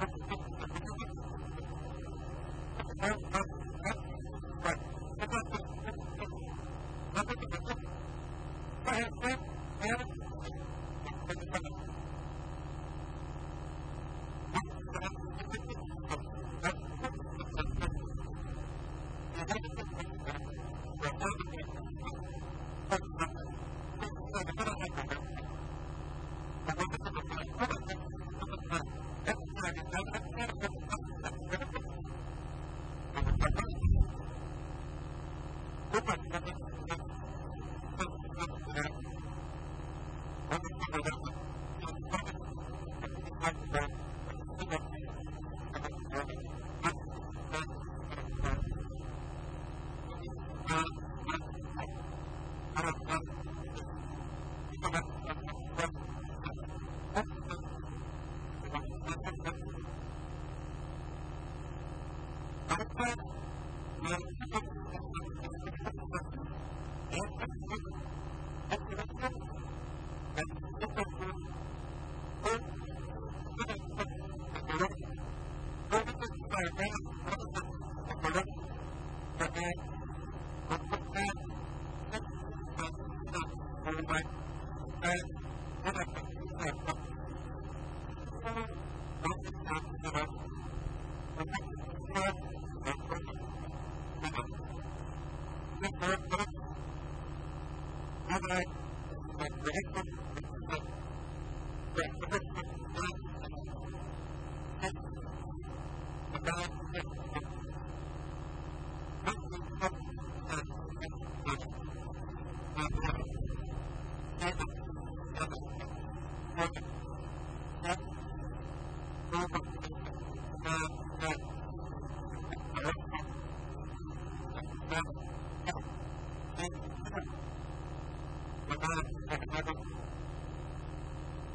have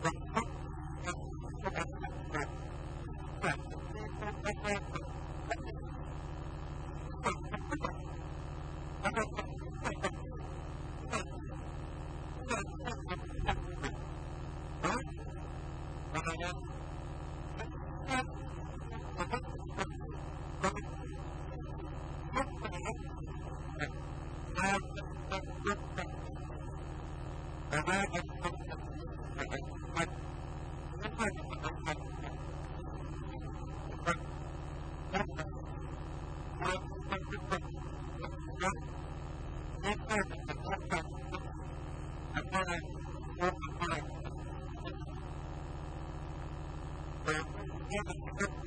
Right. Thank you.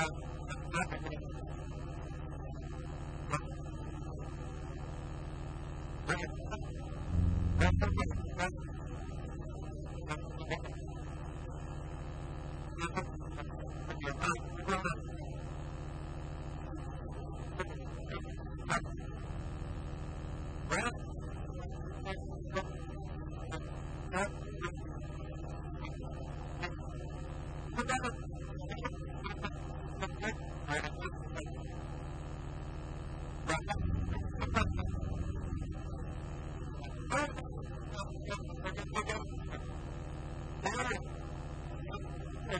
家，大家感谢。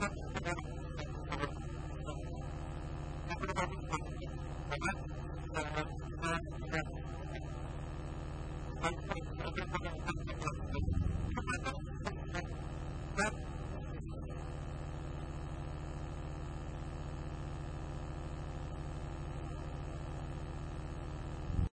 Thank you.